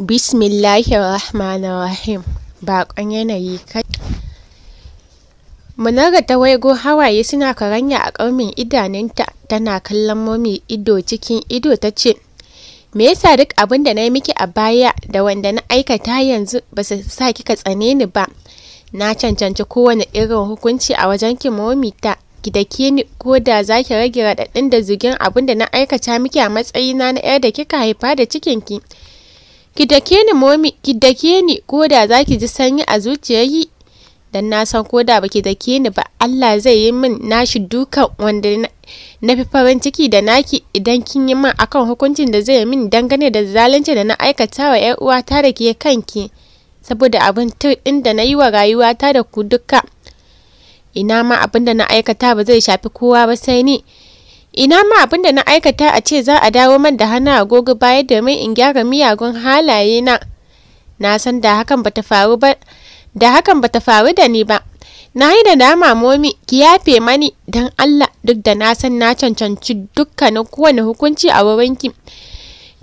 rahim Bakon yanayi kai ta waigo hawaye suna karanya a ƙarmin idanunta tana kallon momi ido cikin ido ta ce, Me yasa duk abin da na yi miki a baya da wanda na aikata yanzu ba su sa kika tsane ni ba, na cancanci kowane irin hukunci a wajen ki momi ta gidake ni ko da za ki rage raɗaɗin da zugin abin da na aikata miki a matsayina na 'yar da kika haifa da cikinki. Ki dake ni momi, ki dake ni koda zaki ji sanyi a zuciyarki don na san ko koda baki dake ni ba Allah zai yi min nashi dukan wanda na fi farin ciki da naki idan kin yi min akan hukuncin da zai yi min dangane da zalunci da na aikata wa ‘yar uwata da ke kanki saboda abin tuɗin da na yi wa rayuwata da ku duka. Ina ma abin da na aikata ba zai shafi kowa ba sai ni. Ina ma abin da na aikata a ce za a dawo man da hana agogo baya domin in gyara miyagun halaye na. Na san da hakan bata faru ba, da hakan bata faru da ni ba. Na yi da dama momi ki yafe mani don Allah duk da na san na cancanci dukkanin kowane hukunci a wurinki.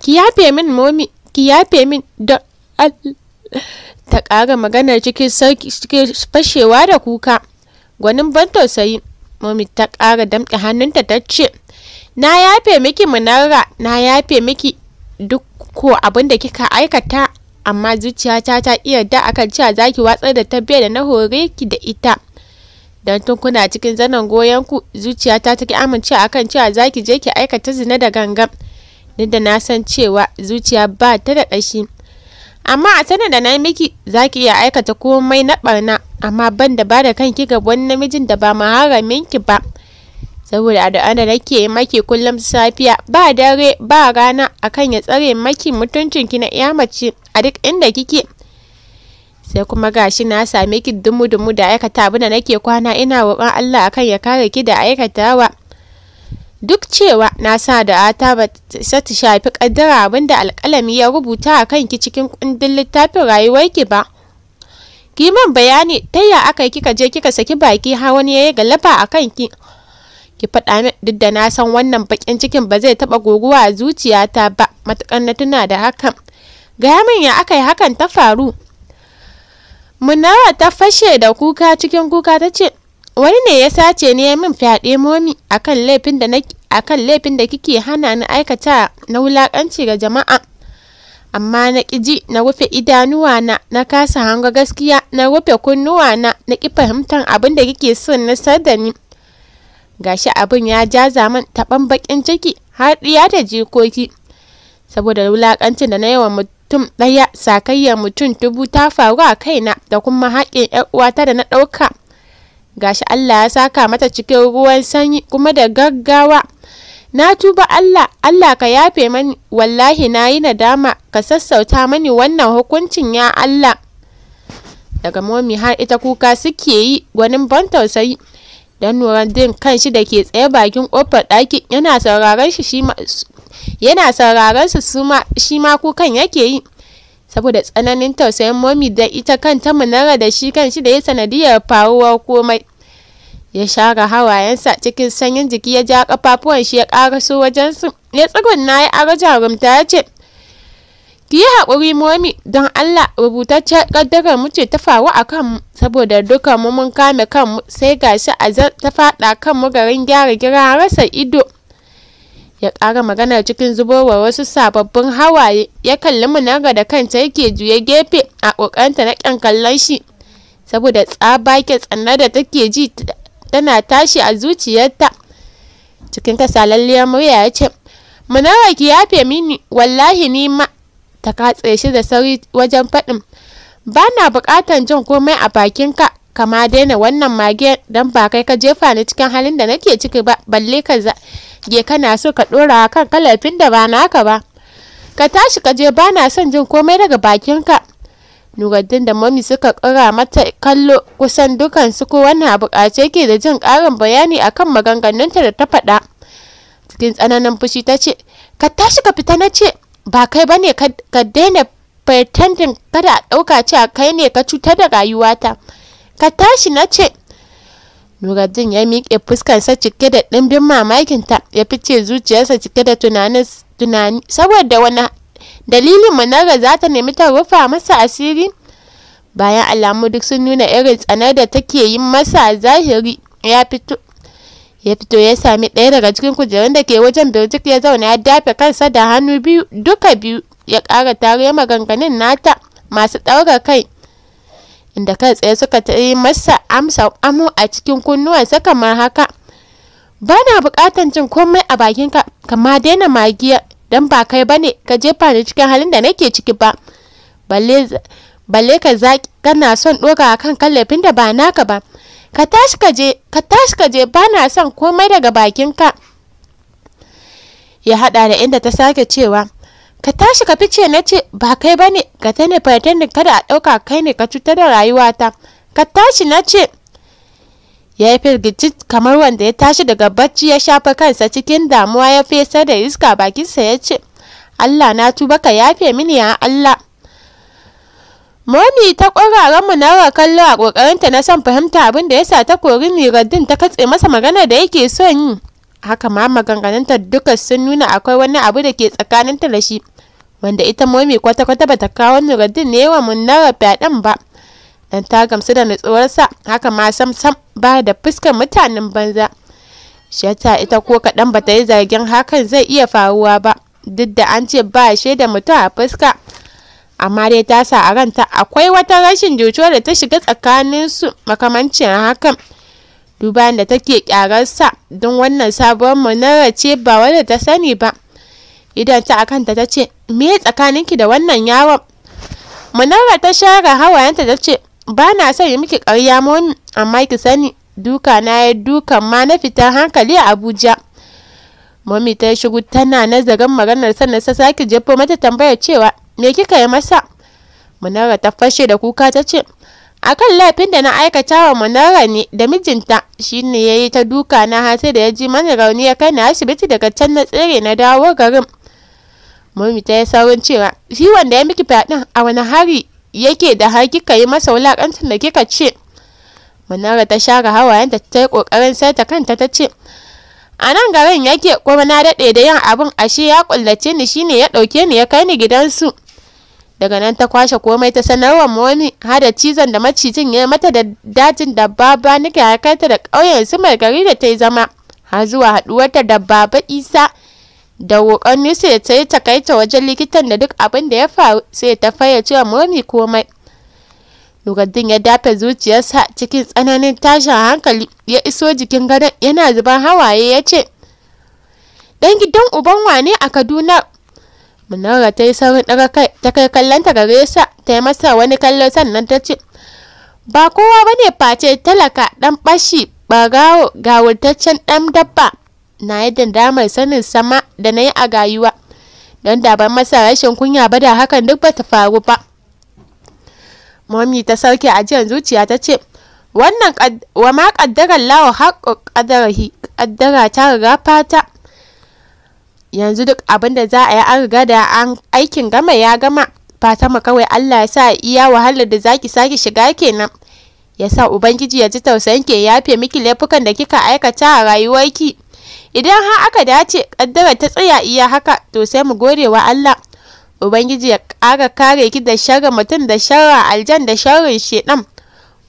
Ki yafe min momi, ki yafe min don Allah. Ta ƙara maganar cikin fashewa da kuka. Gwanin ban tausayi. Mummy ta kara damƙe hannunta ta ce, Na yafe miki munarra, na yafe miki duk ko abin da kika aikata, amma zuciyata ta iya da akan cewa za ki watsar da tabbiyar da na hore ki da ita. Don tun kuna cikin zanen goyonku, zuciyata ta ki amincewa akan cewa za ki je ki aikata zina da gangan. Duk da na san cewa zuciya ba ta da ƙashi. Amma a sanin da na miki zaki ki iya aikata komai na ɓarna amma ban da bada kanki ga wani namijin da ba ki ba saboda addu'a da nake maki kullum safiya ba dare ba rana akan ya tsare maki mutuncinki na iya mace a duk inda kike sai kuma gashi na same ki dumu dumu da aikata abin da nake kwana ina roƙon Allah akan ya kare ki da aikatawa duk cewa na sa da ta ba ta shafi kaddara abinda alƙalami ya rubuta a kanki cikin kundin littafin rayuwarki ba ki min bayani ta ya aka kika je kika saki baki ha wani yayi galaba a kan ki ki faɗa min duk da na san wannan bakin cikin ba zai taɓa goguwa a zuciyata ba matuƙar na tuna da hakan gaya min ya aka yi hakan ta faru munawa ta fashe da kuka cikin kuka ta ce wani ne ya sace ne ya min fyaɗe momi akan laifin da akan laifin da kike hana ni aikata na wulakanci ga jama'a amma na ƙiji na rufe idanuwana na kasa hanga gaskiya na rufe kunnuwana na ƙi fahimtar abin da kike son nasar da ni gashi abin ya ja zaman taɓan baƙin ciki har ɗiya da jikoki saboda wulaƙancin da na yawa mutum ɗaya sakayyar mutum dubu ta faru a kaina da kuma haƙƙin ƴar uwata da na ɗauka gashi Allah ya saka mata cikin ruwan sanyi kuma da gaggawa Na tuba Allah, Allah ka yafe mani, wallahi na yi nadama, ka sassauta mani wannan hukuncin ya Allah. Daga momi har ita kuka suke yi gwanin ban tausayi. Dan din kan shi da ke tsaye bakin kofar ɗaki yana sauraron shi shi ma yana sauraron su ma shi ma kukan yake yi. Saboda tsananin tausayin momi da ita kanta munara da shi kan shi da ya sanadiyar faruwar komai. ya share hawayensa cikin sanyin jiki ya ja kafafuwan shi ya karaso wajen su ya tsugunna ya ara jarumta ya ce ki yi haƙuri momi don allah rubutaccen ƙaddarar mu ce ta faru a kanmu saboda dukan mu mun kame kanmu sai gashi a ta faɗa kanmu garin gyara gira rasa ido ya ƙara magana cikin zubowar wasu sababbin hawaye ya kalli mu munarga da kanta yake juya gefe a ƙoƙarinta na ƙyan kallon shi saboda tsabakin tsanna da take ji tana tashi a zuciyarta cikin kasalalliyar murya ya ce munawar ki yafe mini wallahi ni ma ta katse shi da sauri wajen faɗin ba na buƙatar jin komai a bakin ka kama daina wannan mage don ba kai ka jefa ni cikin halin da nake ciki ba balle ka za ge kana so ka ɗora kan kalafin da ba naka ba ka tashi ka je ba na son jin komai daga bakin ka. Nuruddin da Mami suka kara mata kallo kusan dukansu abu a ce ke da jin karin bayani akan maganganunta da ta faɗa. Cikin tsananin fushi ta ce, "Ka tashi ka fita na ce, ba kai bane ka daina pretendin kada a ɗauka ce kai ne ka cutar da rayuwata. Ka tashi na ce, Nuruddin ya miƙe fuskarsa cike da ɗimbin mamakinta ya fice zuciyarsa cike da tunani saboda wani dalilin Manara za ta nemi ta rufa masa asiri? Bayan alamu duk sun nuna irin tsanar da take yi masa zahiri ya fito. ya fito ya sami ɗaya daga cikin kujerun da ke wajen birjik ya zauna ya dafe kansa da hannu biyu duka biyu ya ƙara tare maganganun nata masu ɗaura kai inda kai tsaye suka ta yi masa amsa amu a cikin kunnuwansa kamar haka ba na buƙatan jin komai a bakinka kama daina magiya don ba kai bane ka jefa ni cikin halin da nake ciki ba balle balle ka zaki kana son doka kan kallafin da ba naka ba ka tashi ka je ka tashi ka je ba son komai daga bakin ka ya haɗa da inda ta sake cewa ka tashi ka fice na ce ba kai bane ka ta ne kada a ɗauka kai ne ka cutar da rayuwata ka tashi na ce ya yi firgici kamar wanda ya tashi daga bacci ya shafa kansa cikin damuwa ya fesa da iska bakinsa ya ce Allah na tuba ka yafe mini ya Allah Momi ta ƙwararren mu na kallo a kokarin ta na son fahimta abin da yasa ta kori niradin ta katse masa magana da yake son yi. Haka ma maganganunta duka sun nuna akwai wani abu da ke tsakanin ta da shi. Wanda ita Momi kwata-kwata bata kawo Niraddin ne wa Munara fyaɗen ba. Dan ta gamsu da nutsuwarsa haka ma sam-sam ba da fuskar mutanen banza shata ita ko kaɗan ba ta yi zargin hakan zai iya faruwa ba duk da an ce ba da mutum a fuska amma dai ta sa a ranta akwai wata rashin jituwa da ta shiga tsakaninsu makamancin hakan duba da take kyararsa don wannan sabuwar munara ce ba wanda ta sani ba idan ta kanta ta ce me tsakaninki da wannan yawon munara ta share hawayenta ta ce Ba na son yi miki karya mun amma ki sani Duka na ya yi ma na fitar hankali a Abuja. Mami ta yi shiru tana nazarin maganar sannan ta sake jefo mata tambayar cewa me kika yi masa? munara ta fashe da kuka ta ce akan laifin da na aikata wa munara ne da mijinta shine ya yi ta duka na har da ya ji mana rauni ya kai na asibiti daga can na tsere na dawo garin. mami ta yi saurin cewa shi wanda ya miki fyaɗin a wani hari yake da har kika yi masa wulakancin da kika ce munara ta share hawayenta ta yi ƙoƙarin kokarin ta kanta ta ce a nan garin yake kuma na daɗe da yin abin ashe ya ƙullace ni shine ya ɗauke ni ya kai ni gidansu daga nan ta kwashe komai ta sanarwa wani hada cizon da macijin ya mata da dajin da baba nika ya kai ta da ƙauyen su mai gari da ta yi zama har zuwa haɗuwar ta baba isa da roƙon sai ta yi takaita wajen likitan da duk abin da ya faru sai ta fayyace cewa Momi komai. Nuruddin ya dafe zuciyarsa cikin tsananin tashin hankali ya iso jikin gare yana zuban hawaye ya ce, Dan gidan uban wane a Kaduna? Munara ta yi saurin ɗaga kai ta kai kallonta gare sa ta yi masa wani kallon, sannan ta ce, Ba kowa bane face talaka ɗan ɓashi ɓarawo gawurtaccen ɗan dabba. na yadda damar sanin sama da na yi a gayuwa. don da ban masa rashin kunya ba da hakan duk bata faru ba mami ta sauke ajiyar zuciya ta ce wannan wa ma kaddarar lawa haƙƙo kaddara ta riga fata yanzu duk abin da za a yi an da an aikin gama ya gama fatama kawai Allah ya sa iya wahalar da zaki sake shiga kenan ya sa ubangiji ya ji tausayin ke yafe miki laifukan da kika aikata a rayuwarki Idan har aka dace ƙaddarar ta tsaya iya haka to sai mu gode wa Allah. Ubangiji ya ƙara kare ki da sharrin mutum da sharrin aljan da sharrin shedan.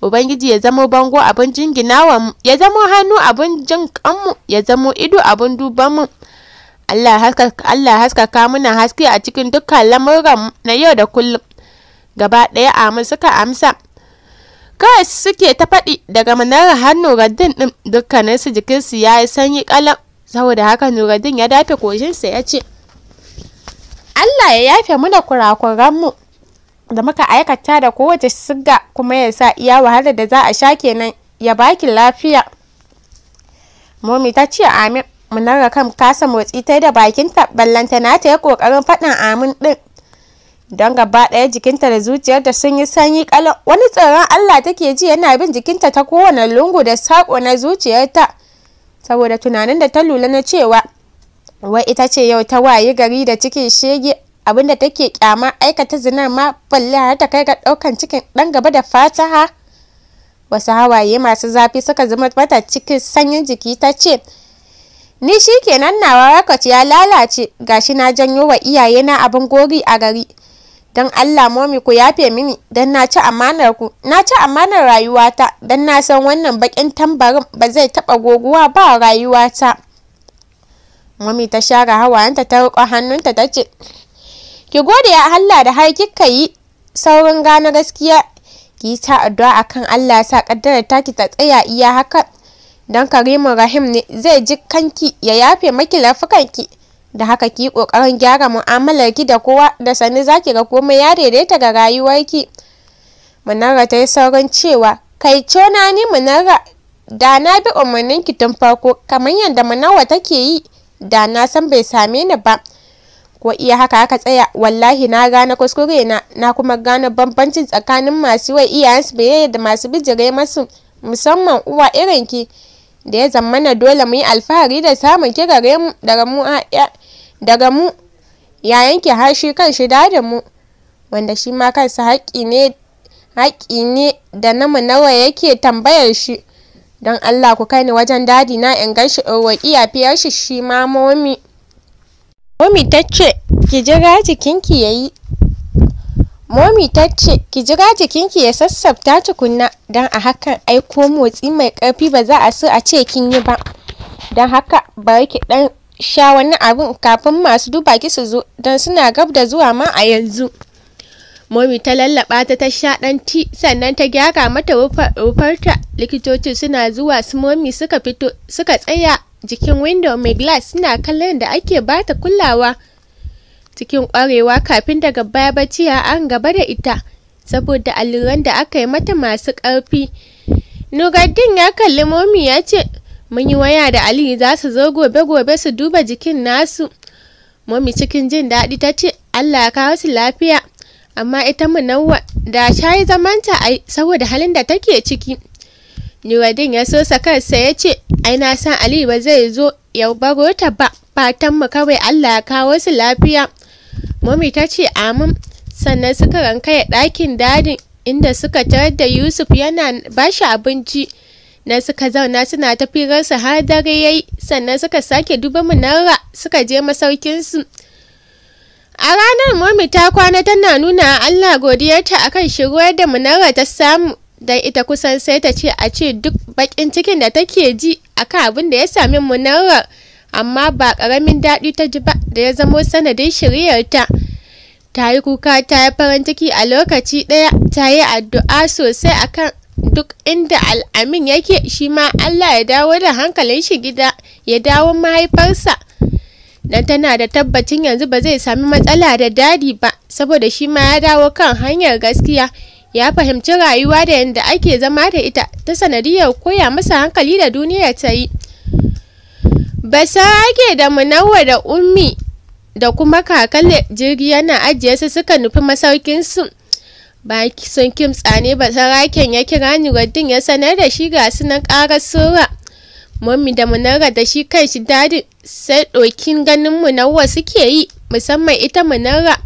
Ubangiji ya zamo bango abin jinginawa ya zamo hannu abin jin kanmu, ya zamo ido abin duban mu. Allah haskaka muna haske a cikin dukkan lamuran na yau da kullum. Gaba ɗaya amin suka amsa. kai suke ta faɗi daga manarar hannu raddin ɗin dukkaninsu jikinsu ya yi sanyi ƙalam saboda haka Nuruddin ya dafe koshinsa ya ce, Allah ya yafe mana kurakuranmu da muka aikata da kowace siga kuma ya sa iya wahala da za a sha kenan ya baki lafiya. Momi ta ce amin, munarra kan kasa motsi ta da bakinta ballanta na ta ya kokarin faɗin amin ɗin. Don gaba ɗaya jikinta da zuciyarta sun yi sanyi kalau wani tsoron Allah take ji yana bin jikinta ta kowane lungu da saƙo na zuciyarta. saboda tunanin da ta lura na cewa wai ita ce yau ta wayi gari da cikin shege abinda take kyama aikata zinar ma balle har ta kai ga ɗaukan cikin ɗan gaba da fataha wasu hawaye masu zafi suka zama mata cikin sanyin jiki ta ce ni shi kenan nawa rakat ya lalace gashi na janyo wa iyayena abin gori a gari don Allah momi ku yafe mini don na ci amanar ku na ci amanar rayuwata don na san wannan bakin tambarin ba zai taba goguwa ba rayuwata momi ta share hawayenta ta riƙo hannunta ta ce ki gode a Allah da har kika yi saurin gane gaskiya ki ta addu'a akan Allah ya sa kaddara taki ta tsaya iya haka don karimin rahim ne zai ji kanki ya yafe maki lafukanki da haka ki kokarin gyara mu'amalar ki da kowa da sani zaki ga komai ya daidaita ga rayuwar rayuwarki munarra ta yi saurin cewa kai cona ni munara da na bi umarnin ki tun farko kamar yadda munawa take yi da na san bai same ni ba ko iya haka aka tsaya wallahi na gane kuskure na na kuma gane bambancin tsakanin masu wa iyayensu bai da masu bijire masu musamman uwa irin ki da ya zammana dole mu yi alfahari da samun kirare mu daga mu daga mu ya yanke hashi kan shi da mu wanda shi ma kansa haƙƙi ne haƙƙi ne da namu nawa yake tambayar shi don Allah ku kai ni wajen dadi na in gashi in roƙi yafiyar shi shi ma momi momi ta ce ki jira jikinki yayi Momi ta ce ki jira jikinki ya sassabta tukunna don a hakan ai motsi mai karfi ba za a so a ce kin yi ba. Don haka bari ki ɗan sha wani abin kafin masu duba ki su zo don suna gab da zuwa ma a yanzu. Momi ta lallaɓa ta ta sha ɗan ti sannan ta gyara mata rufarta likitoci suna zuwa su Momi suka fito suka tsaya jikin window mai glass suna kallon da ake bata kulawa. cikin kwarewa kafin daga baya bacciya an gaba da ita saboda alluran da aka yi mata masu ƙarfi. Nuradin ya kalli momi ya ce, Mun yi waya da Ali za su zo gobe-gobe su duba jikin nasu. Momi cikin jin daɗi ta ce, Allah ya kawo su lafiya. Amma ita munawwa da shayi zamanta a saboda halin da take ciki. Nuradin ya sosa kansa ya ce, Ai na san Ali ba zai zo ya baro ta ba, fatan mu kawai Allah ya kawo su lafiya. Mummy ta ce amin sannan suka rankaya ɗakin dadin inda suka tarar da Yusuf yana bashi abinci. na suka zauna suna ta firarsa har dare yayi sannan suka sake duba munarra suka je masaukinsu a ranar momi ta kwana tana nuna allah godiyarta akan shiruwar da munarra ta samu don ita kusan sai ta ce a ce duk bakin cikin da take ji akan abin da ya sami munarra amma ba ƙaramin daɗi ta ji ba da ya zamo sanadin shiryarta ta yi kuka ta yi farin a lokaci ɗaya ta yi addu'a sosai akan duk inda al'amin yake shi ma Allah ya dawo da hankalin shi gida ya dawo mahaifarsa dan tana da tabbacin yanzu ba zai sami matsala da dadi ba saboda shi ma ya dawo kan hanyar gaskiya ya fahimci rayuwa da yadda ake zama da ita ta sanadiyar koya masa hankali da duniya ta yi Ba Basarake da Munawwar da Ummi da kuma kakalle, jirgi yana ajiye su suka nufi su Baki sun kimtsa ne basaraken ya kira Nuruddin ya sanar da shi ga su na sura. Mummi da Munawwar da shi shi dadi sai ɗokin ganin Munawwar suke yi musamman ita Munarra.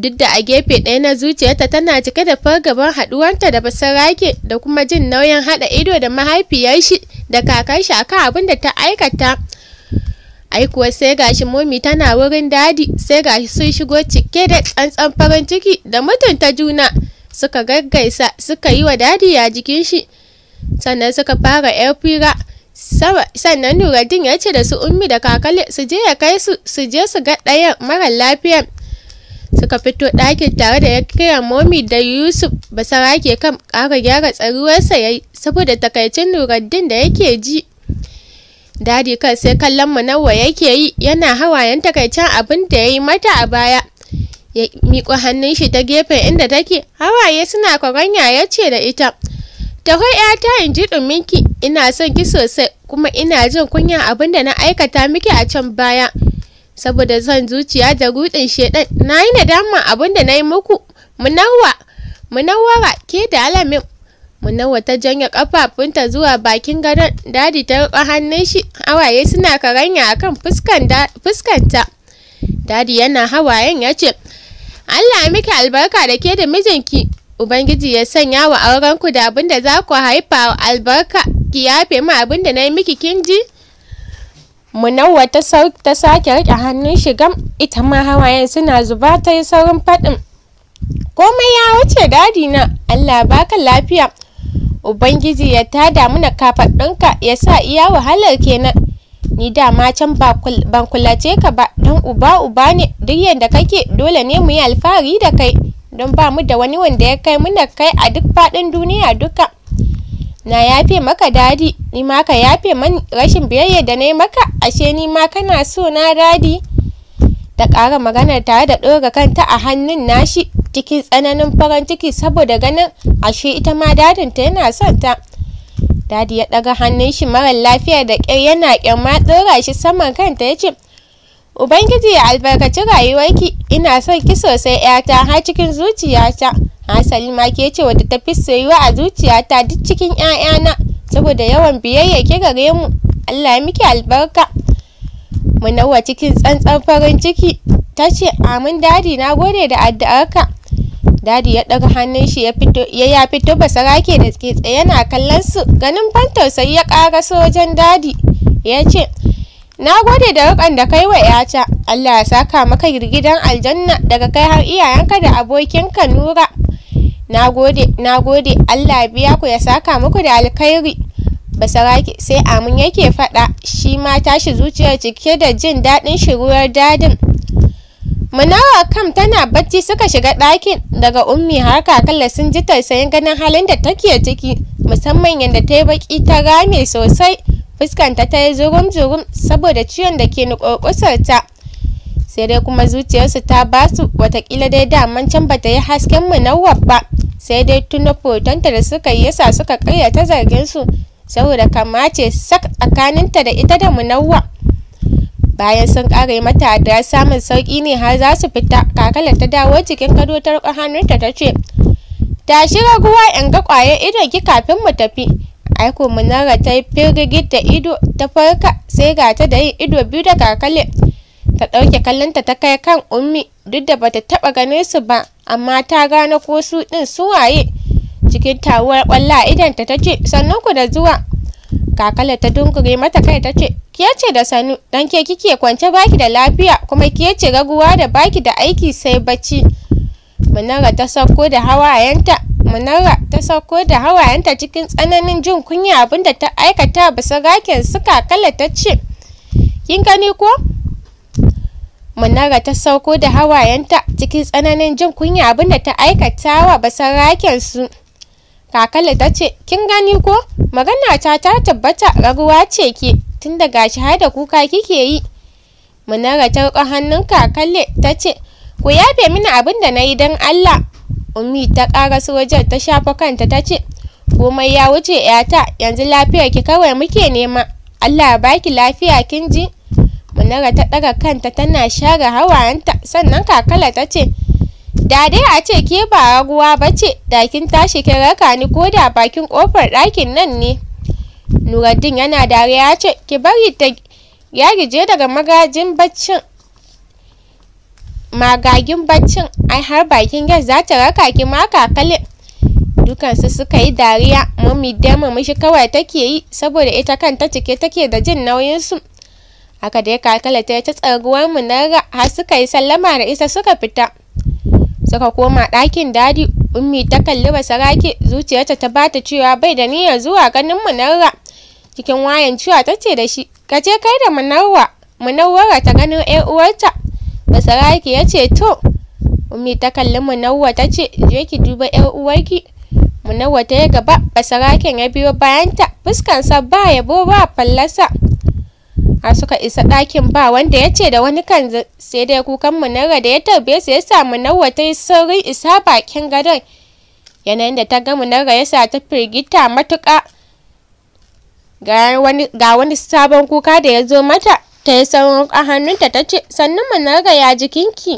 duk da a gefe ɗaya na zuciyarta tana cike da fargaban haɗuwarta da basarake da kuma jin nauyin haɗa ido da mahaifiyar shi da kakar shi akan abin da ta aikata ai kuwa sai gashi momi tana wurin dadi sai gashi sun shigo cike da tsantsan farin ciki da mutunta juna suka gaggaisa suka yi wa dadi ya jikin shi sannan suka fara yar fira sannan nuradin ya ce da su ummi da kakale su je ya kai su su je su ga ɗayan mara lafiyan suka fito ɗakin tare da ya kira momi da yusuf basara ke kan ƙara gyara tsaruwarsa ya yi saboda takaicin nuraddin da yake ji dadi kan sai kallon munawwa yake yi yana hawayen takaicin abin da ya yi mata a baya ya miƙo hannun shi ta gefe inda take hawaye suna kwaranya ya ce da ita taho yata in ji ɗuminki ina son ki sosai kuma ina jin kunya abin da na aikata miki a can baya saboda son zuciya da gudun shedan na yi nadama abin na yi muku munawwa munawwara ke da alamin munawwa ta janya kafafunta zuwa bakin gadon dadi ta riƙa hannun shi hawaye suna karanya akan fuskanta dadi yana hawayen ya ce allah miki albarka da ke da mijinki Ubangiji ya sanya wa aurenku da abinda za ku haifa albarka ki yafe mu abinda na yi miki kin ji? Munawwa ta sake rike hannun shi ita ma hawayen suna zuba ta yi saurin faɗin. Komai ya wuce dadi na Allah baka lafiya. Ubangiji ya tada mana kafaɗinka ya sa iya wahalar kenan. Ni dama can ban kulace ka ba don uba uba ne duk yadda kake dole ne mu yi alfahari da kai don ba mu da wani wanda ya kai muna kai a duk faɗin duniya duka. na yafe maka dadi ni ma ka yafe mani rashin biyayyar da nayi maka ashe ni ma kana so na dadi ta ƙara magana tare da ɗora kanta a hannun nashi cikin tsananin farin ciki saboda ganin ashe ita ma dadinta yana son ta dadi ya ɗaga hannun shi mara lafiya da ƙyar yana ƙyar ma ɗora shi saman kanta ya ce Ubangiji ya albarkaci rayuwarki, ina son ki sosai ‘yata har cikin zuciyata. Hasali ma ke ce wata ta fi soyuwa a zuciyata duk cikin ‘ya'yana, saboda yawan biyayya ki gare mu. Allah ya miki albarka. Mu nawa cikin tsantsan farin ciki ta ce amin dadi na gode da addu'arka. Dadi ya ɗaga hannun shi ya fito ya ya fito basarake da ke tsaye yana kallon su ganin ban tausayi ya ƙara sojan dadi ya ce na gode da rikon da kai wa yata allah ya saka maka girgidan aljanna daga kai har iyayenka da abokinka nura na gode na gode allah biya ku ya saka muku da alkhairi basaraki sai amin yake faɗa shi ma tashi zuciyar cike da jin daɗin shiruwar dadin Munawa kam tana bacci suka shiga ɗakin daga ummi har kakalla sun ji tausayin ganin halin da take ciki musamman yadda ta yi baki ta rame sosai fuskanta ta yi zurum-zurum saboda ciwon da ke ta sai dai kuma zuciyarsu ta ba su watakila dai daman can ba ta yi hasken munawwaf ba sai dai tuna fotonta da suka yi yasa suka karya ta zarginsu saboda kamace ce sak tsakaninta da ita da munawwa bayan sun kare mata da samun sauki ne har za su fita kakalar ta dawo cikin gado ta hannunta ta ce tashi ruwa, in ga kwaye ido ki kafin mu tafi aiko munara ta yi firgigit da ido ta farka sai ga ta da yin ido biyu da kakale ta ɗauke kallonta ta kai kan ummi duk da bata taɓa ganin su ba amma ta gano ko su ɗin su waye cikin tawuwar ƙwallo a idanta ta ce "Sannu ku da zuwa kakale ta dunkure mata kai ta ce ke ce da sanu dan ke kike kwance baki da lafiya kuma ke ce raguwa da baki da aiki sai bacci munara ta sauko da hawayenta munarra ta sauko da hawayenta cikin tsananin jin kunya abinda ta aikata bisa gaken suka kala ta ce kin gani ko munarra ta sauko da hawayenta cikin tsananin jin kunya abinda ta aikata wa basaraken su kakala ta ce kin gani ko magana ta ta tabbata raguwa ce ke tun da gashi har da kuka kike yi munarra ta riƙo hannun kakalle ta ce ku yafe mini abin da na yi don allah ummi ta karasu wajen ta shafa kanta ta ce komai ya wuce yata yanzu lafiyar ki kawai muke nema allah ba baki lafiya kin ji munara ta ɗaga kanta tana share hawayenta sannan kakala ta ce da dai a ce ke ba ruwa ba ce da kin tashi kin raka ni ko da bakin kofar ɗakin nan ne Nuradin yana dariya ce ki bari ta yarije daga magajin baccin magagin baccin ai har bakin gas za ta raka ki ma kakale dukansu suka yi dariya mummy dama mishi kawai take yi saboda ita kanta cike take da jin nauyinsu haka dai kakala ta ta tsarguwar munarra har suka yi sallama da isa suka fita suka koma ɗakin dadi ummi ta kalli ba sarake zuciyarta ta bata cewa bai da niyyar zuwa ganin munarra cikin wayan cewa ta ce da shi ka kai da munarwa munawwara ta gano 'yan uwarta basaraki ya ce to ummi ta kalli munawwa ta ce je ki duba yar uwarki munawwa ta yi gaba basaraken ya biyo bayanta fuskansa ba yabo ba fallasa A suka isa ɗakin ba wanda ya ce da wani kan sai dai kukan munarra da ya tarbe su ya sa ta yi saurin isa bakin gadon yanayin da ta ga munarra ya sa ta firgita matuƙa ga wani sabon kuka da ya zo mata ta yi sauran a hannunta ta ce sannan manarga ya jikinki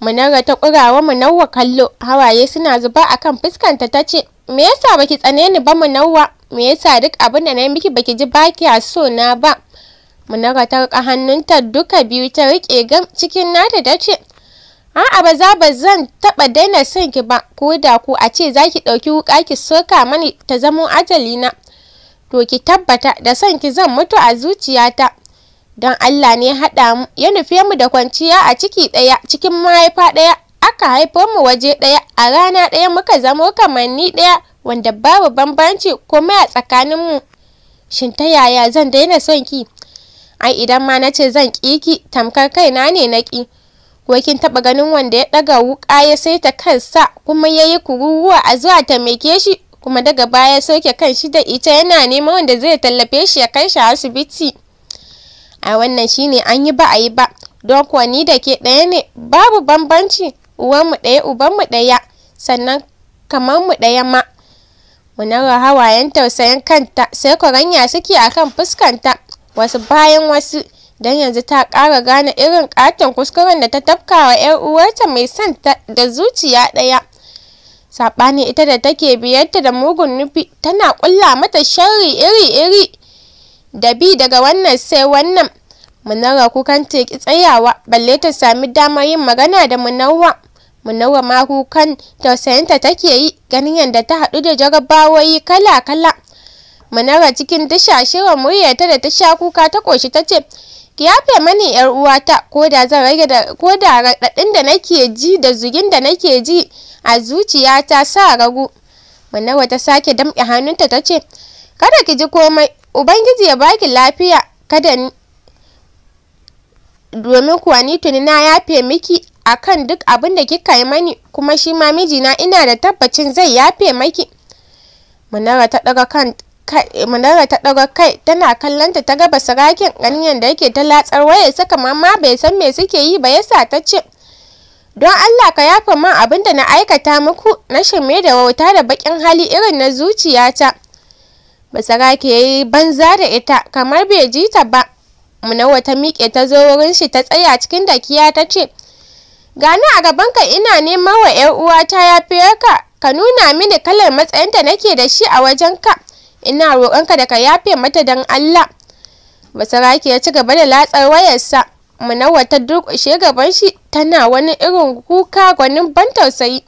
manarga ta kurawa manawa kallo hawaye suna zuba a kan fuskanta ta ce me yasa baki tsane ni ba manawa me yasa duk abin da na yi miki baki ji ba kiya so na ba munarga ta rika hannunta duka biyu ta rike gam cikin nata ta ce a'a ba za ba zan taɓa daina son ki ba ko da ku a ce za ki ɗauki wuka ki soka mani ta zamo ajali na to ki tabbata da son ki zan mutu a zuciyata don Allah ne haɗa mu ya nufe mu da kwanciya a ciki ɗaya cikin mahaifa ɗaya aka haifo mu waje ɗaya a rana ɗaya muka zamo kamanni ɗaya wanda babu bambanci komai a tsakaninmu shin ta yaya zan daina son ki ai idan ma na ce zan ƙi ki tamkar kaina ne na ƙi ko kin taɓa ganin wanda ya ɗaga wuƙa ya saita kansa kuma ya yi kururuwa a zuwa taimake shi kuma daga baya soke kan shi da ita yana neman wanda zai tallafe shi ya kai shi asibiti a wannan shine an yi ba a yi ba don kuwa ni da ke ɗaya ne babu bambanci uwanmu ɗaya ubanmu ɗaya sannan kamar mu ɗaya ma munarar hawayen tausayin kanta sai kwaranya suke akan fuskanta wasu bayan wasu don yanzu ta ƙara gane irin ƙaton kuskuren da ta tafkawa 'yar uwarta mai son da zuciya ɗaya saɓani ita da take biyarta da mugun nufi tana ƙulla mata sharri iri-iri da bi daga wannan sai wannan munarwa kukan teki tsayawa balle ta sami damar yin magana da munawa munawa ma kukan tausayinta take yi ganin yadda ta haɗu da jarabawoyi kala-kala munawa cikin dishashewar muryarta da ta sha kuka ta ƙoshi ta ce ki yafe mani yar uwata ko da zan rage da ko da radadin da nake ji da zugin da nake ji a zuciyata sa ragu manawa ta sake damƙe hannunta ta ce kada ki ji komai ubangiji ya baki lafiya kada ni domin kuwa ni tuni na yafe miki akan duk abin da kika yi mani kuma shi ma mijina ina da tabbacin zai yafe maki munara ta daga kanta. munara ta ɗaga kai tana kallon ta gaba sarakin ganin yadda yake ta latsar waya saka mamma bai san me suke yi ba yasa ta ce don Allah ka yafa min abin da na aikata muku na shirme da wauta da bakin hali irin na zuciyata basarake ya yi banza da ita kamar bai ji ta ba munawa ta miƙe ta zo wurin shi ta tsaya cikin dakiya ta ce gani a gabanka ina neman wa 'yar uwata ya ka ka nuna mini kalar matsayin da nake da shi a wajen ka. ina roƙonka da ka yafe mata don Allah basarake ya ci gaba da latsar wayarsa munawar ta durƙushe gaban shi tana wani irin kuka gwanin ban tausayi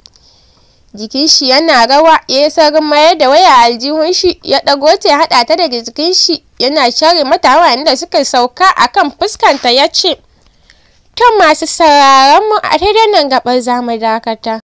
jikin shi yana rawa ya yi saurin mayar da waya a aljihun shi ya ɗago ta ya haɗa ta daga jikin shi yana share mata hawayen da suka sauka a kan fuskanta ya ce Ta masu sauraron mu a ta nan zamu dakata